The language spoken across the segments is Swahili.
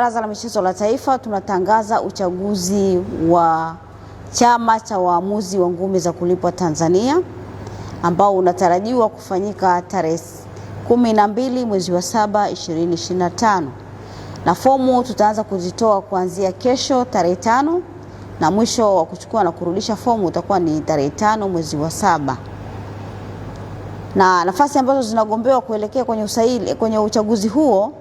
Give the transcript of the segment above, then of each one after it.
Baraza la Michezo la Taifa tunatangaza uchaguzi wa Chama cha Waamuzi wa Ngumi za Kulipwa Tanzania ambao unatarajiwa kufanyika tarehe mbili mwezi wa 7 2025, na fomu tutaanza kuzitoa kuanzia kesho tarehe tano na mwisho wa kuchukua na kurudisha fomu utakuwa ni tarehe tano mwezi wa saba na nafasi ambazo zinagombewa kuelekea kwenye usaili, kwenye uchaguzi huo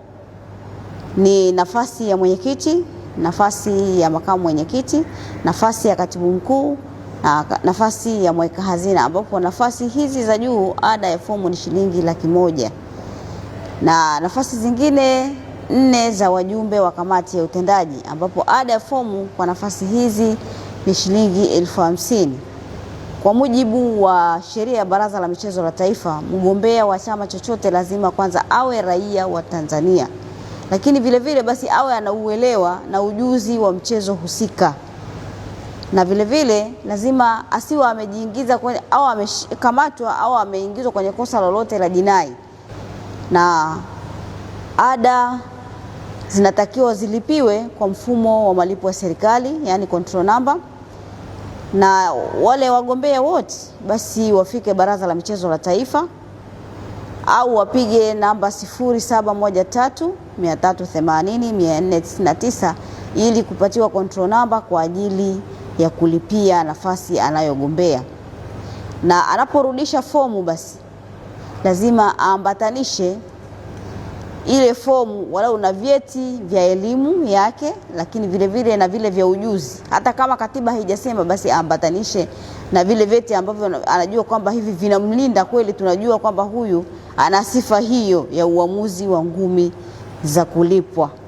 ni nafasi ya mwenyekiti, nafasi ya makamu mwenyekiti, nafasi ya katibu mkuu na nafasi ya mweka hazina, ambapo nafasi hizi za juu ada ya fomu ni shilingi laki moja na nafasi zingine nne za wajumbe wa kamati ya utendaji, ambapo ada ya fomu kwa nafasi hizi ni shilingi elfu hamsini. Kwa mujibu wa sheria ya Baraza la Michezo la Taifa, mgombea wa chama chochote lazima kwanza awe raia wa Tanzania lakini vile vile basi awe anauelewa na ujuzi wa mchezo husika, na vile vile lazima asiwe amejiingiza kwenye au amekamatwa au ameingizwa kwenye kosa lolote la jinai, na ada zinatakiwa zilipiwe kwa mfumo wa malipo ya serikali, yani control number na wale wagombea wote basi wafike Baraza la Michezo la Taifa au wapige namba 0713 380 499 ili kupatiwa control namba kwa ajili ya kulipia nafasi anayogombea. Na anaporudisha fomu basi lazima aambatanishe ile fomu walau na vyeti vya elimu yake, lakini vile vile na vile vya ujuzi. Hata kama katiba haijasema, basi ambatanishe na vile vyeti ambavyo anajua kwamba hivi vinamlinda kweli, tunajua kwamba huyu ana sifa hiyo ya uamuzi wa ngumi za kulipwa.